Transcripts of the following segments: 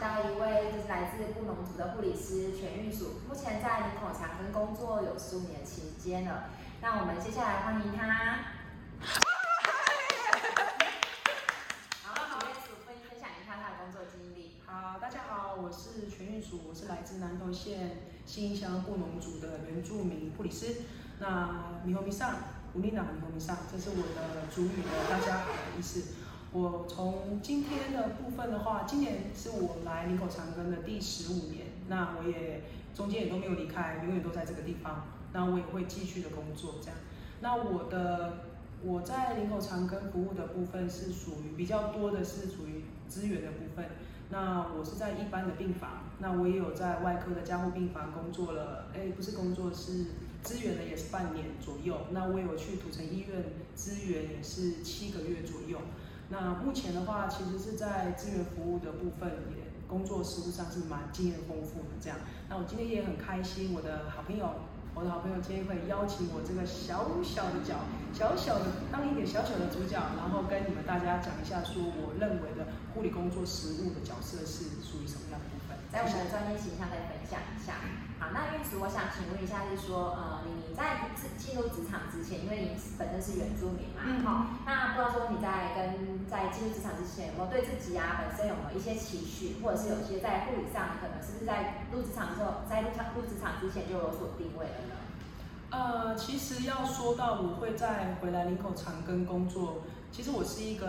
到一位就是來自布農族的護理師全玉鼠，目前在林口長庚工作有十五年期間了。那我們接下來歡迎他。 好，好，全玉鼠可以分享一下他的工作經歷。好，大家好，我是全玉鼠，我是來自南投縣新鄉布農族的原住民護理師。那米猴米上，烏力那米猴米上，這是我的族語的大家好，我是。我從今天的部分的話，今年是我來林口長庚的第十五年，那我也中間也都沒有離開，永遠都在這個地方。那我也會繼續的工作這樣。那我的我在林口長庚服務的部分是屬於比較多的是屬於支援的部分。那我是在一般的病房，那我也有在外科的加護病房工作了。哎，不是工作，是支援的，也是半年左右。那我有去土城醫院支援，也是七個月左右。那目前的話，其實是在資源服務的部分，也工作實際上是蠻經驗豐富的。這樣，那我今天也很開心，我的好朋友，我的好朋友今天會邀請我這個小小的角，小小的當一點小小的主角，然後跟你們大家講一下，說我認為的護理工作實務的角色是屬於什麼樣的部分，在我們的專業形象來。那因此我想請問一下，是說，呃，你在進進入職場之前，因為你本身是原住民嘛，哈、嗯，那不知道說你在跟在進入職場之前有，沒有對自己啊，本身有沒有一些期許，或者是有些在護理上，你可能是不是在入職場的時候，在入廠入職場之前就有所定位了呢？呃，其實要說到我會在回來林口長庚工作，其實我是一個，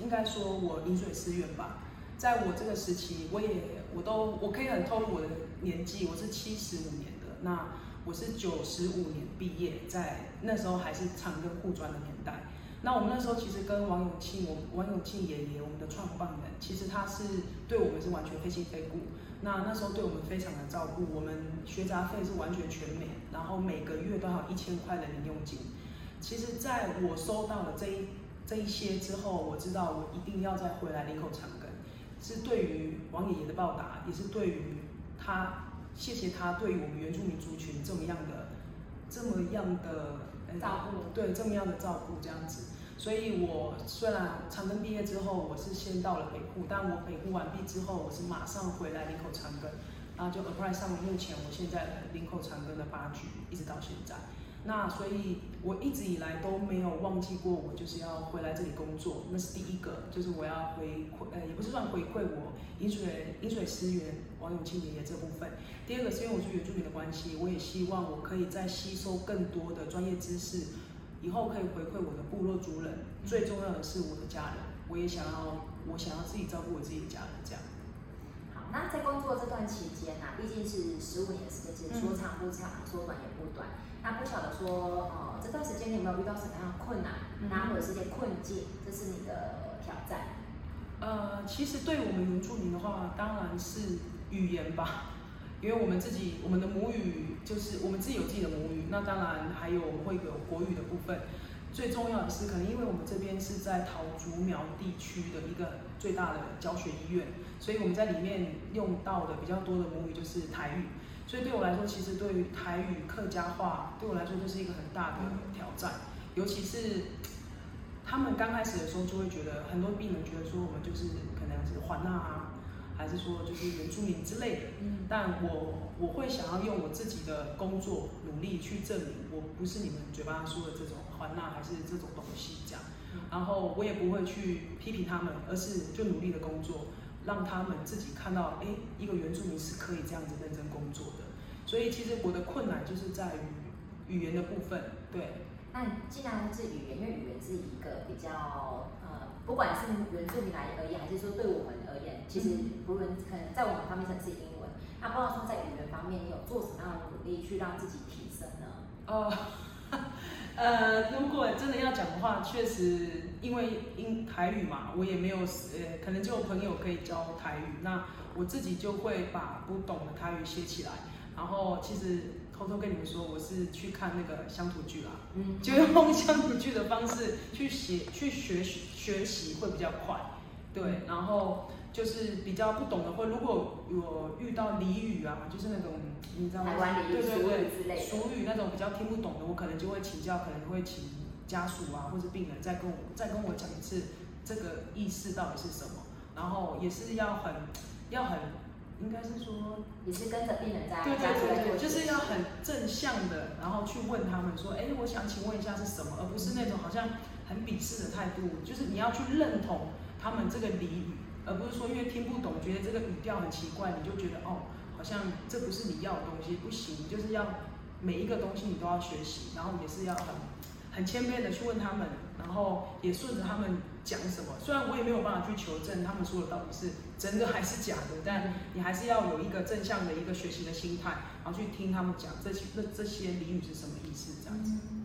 應該說我飲水思源吧，在我這個時期我，我也我都我可以很透露我的。年紀，我是七十五年的，那我是九十五年畢業，在那時候還是長庚護專的年代。那我們那時候其實跟王永慶，我王永慶爺爺，我們的創辦人，其實他是對我們是完全非親非故。那那時候對我們非常的照顧，我們學雜費是完全全免，然後每個月都有一千塊的零用金。其實在我收到了這一這一些之後，我知道我一定要再回來林口長庚，是對於王爺爺的報答，也是對於。他謝謝他對於我們原住民族群這麼樣的，這麼樣的照顧，對這麼樣的照顧這樣子。所以我，我雖然長庚畢業之後，我是先到了北護，但我北護完畢之後，我是馬上回來林口長庚，然後就 apply 上了目前我現在的林口長庚的八局，一直到現在。那所以，我一直以來都沒有忘記過，我就是要回來這裡工作。那是第一個，就是我要回饋，呃，也不是算回饋，我飲水飲水思源，王永慶爺爺這部分。第二個是因為我是原住民的關係，我也希望我可以再吸收更多的專業知識，以後可以回饋我的部落族人。嗯、最重要的是我的家人，我也想要，我想要自己照顧我自己的家人。這樣。好，那在工作這段期間呢、啊，畢竟是十五年時間，其實說長不長，說短也。那不曉得說，呃、哦，這段時間你有沒有遇到什麼樣的困難，嗯、然後或者些困境，這是你的挑戰？呃，其實對我們原住民的話，當然是語言吧，因為我們自己，我們的母語就是我們自己有自己的母語，嗯、那當然還有會有國語的部分。最重要的是，可能因為我們這邊是在桃竹苗地區的一個最大的教學醫院，所以我們在裡面用到的比較多的母語就是台語。所以對我來說，其實對於台語、客家話，對我來說就是一個很大的挑戰。尤其是他們剛開始的時候，就會覺得很多病人覺得說我們就是可能是華納啊。還是說，就是原住民之類的，嗯、但我我會想要用我自己的工作努力去證明，我不是你們嘴巴上說的這種“還納”還是這種東西這樣。嗯、然後我也不會去批評他們，而是就努力的工作，讓他們自己看到，哎、欸，一個原住民是可以這樣子認真工作的。所以其實我的困難就是在於語言的部分。對，那既然是語言，因為語言是一個比較呃，不管是原住民來而言，還是說對我們。其實，不論可能在我們方面都是英文。嗯、那不知道是不是在語言方面，你有做什麼樣的努力去讓自己提升呢？哦，呃，如果真的要講的話，確實因為英台語嘛，我也沒有，呃、欸，可能就有朋友可以教台語。那我自己就會把不懂的台語寫起來。然後，其實偷偷跟你們說，我是去看那個鄉土劇啦，嗯，就用鄉土劇的方式去寫，去學學習會比較快。對，嗯、然後。就是比較不懂的，或如果我遇到俚語啊，就是那種你知道嗎？對對對，俗語之類，俗語那種比較聽不懂的，我可能就會請教，可能會請家屬啊，或者病人再跟我再跟我講一次這個意思到底是什麼。然後也是要很要很應該是說，也是跟着病人在家屬，對對對對，就是要很正向的，然後去問他們說，哎、欸，我想請問一下是什麼，而不是那種好像很鄙視的態度，就是你要去認同他們這個俚語。而不是說因為聽不懂，覺得這個語調很奇怪，你就覺得哦，好像這不是你要的東西，不行，就是要每一個東西你都要學習，然後也是要很很謙卑的去問他們，然後也順着他們講什麼。雖然我也沒有辦法去求證他們說的到底是真的還是假的，但你還是要有一個正向的一個學習的心態，然後去聽他們講這些這這些俚語是什麼意思，這樣子。嗯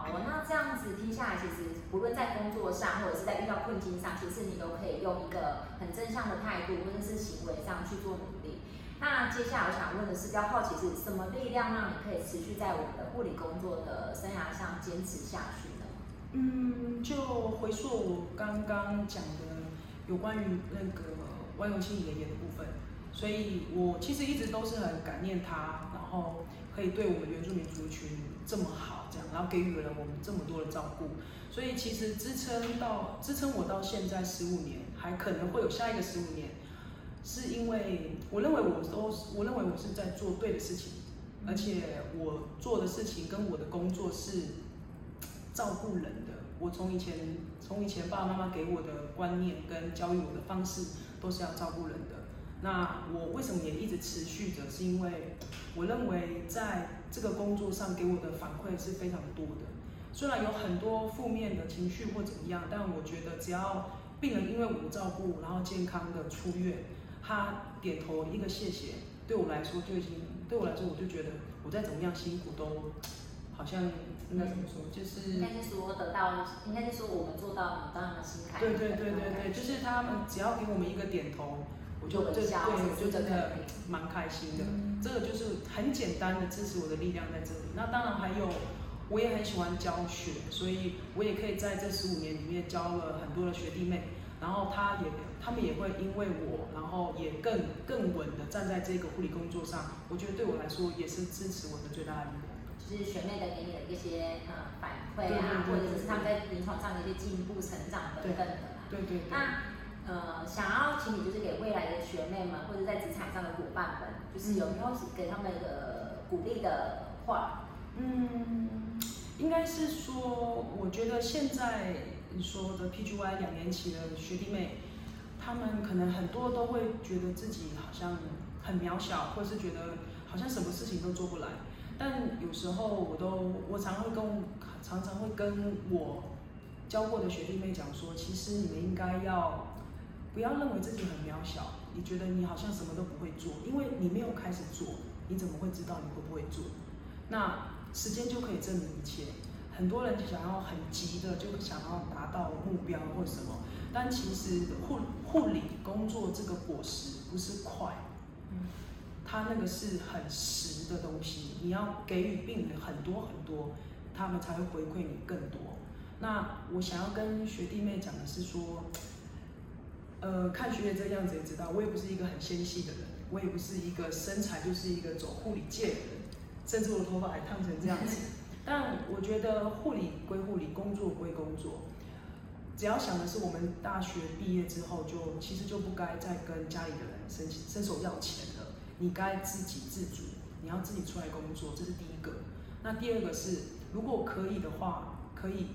好，那這樣子聽下來，其實不論在工作上，或者是在遇到困境上，其實你都可以用一個很正向的態度，或者是行為上去做努力。那接下來我想問的是，比較好奇是什麼力量讓你可以持續在我們的護理工作的生涯上堅持下去呢？嗯，就回溯我剛剛講的有關於那個王永慶爺爺的部分，所以我其實一直都是很感念他，然後可以對我們原住民族群。這麼好，這樣，然後給予了我們這麼多的照顧，所以其實支撐到支撐我到現在十五年，還可能會有下一個十五年，是因為我認為我都是，我認為我是在做對的事情，而且我做的事情跟我的工作是照顧人的。我從以前從以前爸爸媽媽給我的觀念跟教育我的方式都是要照顧人的。那我為什麼也一直持續着？是因為我認為在這個工作上給我的反饋是非常多的，雖然有很多負面的情緒或怎麼樣，但我覺得只要病人因為我們照顧，然後健康的出院，他點頭一個謝謝，對我來說就已經，對我來說我就覺得我再怎麼樣辛苦都好像應該怎麼說，就是應該就說我得到，應該就說我們做到你這樣的心態。對對對對對，對，就是他們只要給我們一個點頭。我就對對，我對就真的蠻開心的。嗯、這個就是很簡單的支持我的力量在這裡。那當然還有，我也很喜歡教學，所以我也可以在這十五年裡面教了很多的學弟妹。然後他也他們也會因為我，嗯、然後也更更穩的站在這個護理工作上。我覺得對我來說也是支持我的最大的力量的。就是學妹的給你的一些呃反饋啊，或者是他們在臨床上的一些進步成長等等。分對，對對對。那、啊。呃，想要請你就是給未來的學妹們，或者在職場上的夥伴們，就是有沒有給他們一個鼓勵的話？嗯，應該是說，我覺得現在說的 PGY 兩年期的學弟妹，他們可能很多都會覺得自己好像很渺小，或是覺得好像什麼事情都做不來。但有時候我都，我常會跟常常會跟我教過的學弟妹講說，其實你們應該要。不要認為自己很渺小，你覺得你好像什麼都不會做，因為你沒有開始做，你怎麼會知道你會不會做？那時間就可以證明一切。很多人想要很急的就想要達到目標或什麼，但其實護護理工作這個果實不是快，嗯，它那個是很實的東西，你要給予病人很多很多，他們才會回饋你更多。那我想要跟學弟妹講的是說。呃，看學姐這樣子也知道，我也不是一個很纖細的人，我也不是一個身材，就是一個走護理界的人，甚至我的頭髮還燙成這樣子。 但我覺得護理歸護理，工作歸工作，只要想的是我們大學畢業之後就，就其實就不該再跟家裡的人伸伸手要錢了。你該自給自足，你要自己出來工作，這是第一個。那第二個是，如果可以的話，可以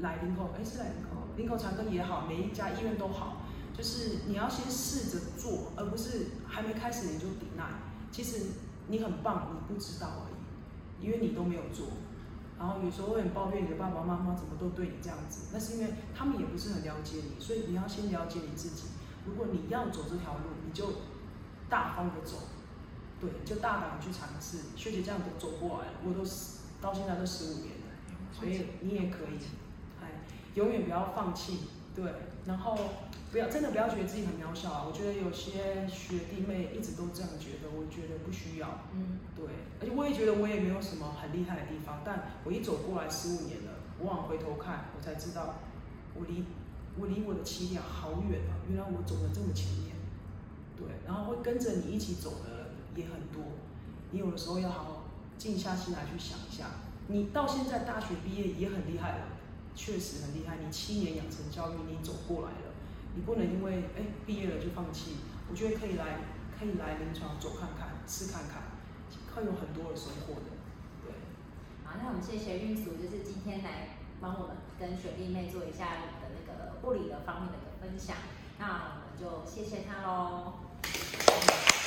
來林口，哎、欸，是來林口，哦、林口長庚也好，每一家醫院都好。就是你要先試着做，而不是還沒開始你就抵賴。其實你很棒，你不知道而已，因為你都沒有做。然後有時候會很抱怨你的爸爸媽媽怎麼都對你這樣子，那是因為他們也不是很了解你，所以你要先了解你自己。如果你要走這條路，你就大方的走，對，就大膽的去嘗試。學姐這樣子走過來了，我都到現在都十五年了，所以姐你也可以，哎，永遠不要放棄。對，然後不要真的不要覺得自己很渺小啊！我覺得有些學弟妹一直都這樣覺得，我覺得不需要。嗯，對，而且我也覺得我也沒有什麼很厲害的地方，但我一走過來十五年了，我往回頭看，我才知道我離我離我的起點好遠啊！原來我走得這麼前面。對，然後會跟着你一起走的人也很多，你有的時候要好好靜下心來去想一下，你到現在大學畢業也很厲害了。確實很厲害，你七年養成教育，你走過來了，你不能因為哎畢業了就放棄。我覺得可以來，可以來臨床走看看，試看看，會有很多的收穫的。對，好，那我們謝謝孕蘇，就是今天來幫我們跟學弟妹做一下我們的那個護理的方面的一個分享。那我們就謝謝她嘍。謝謝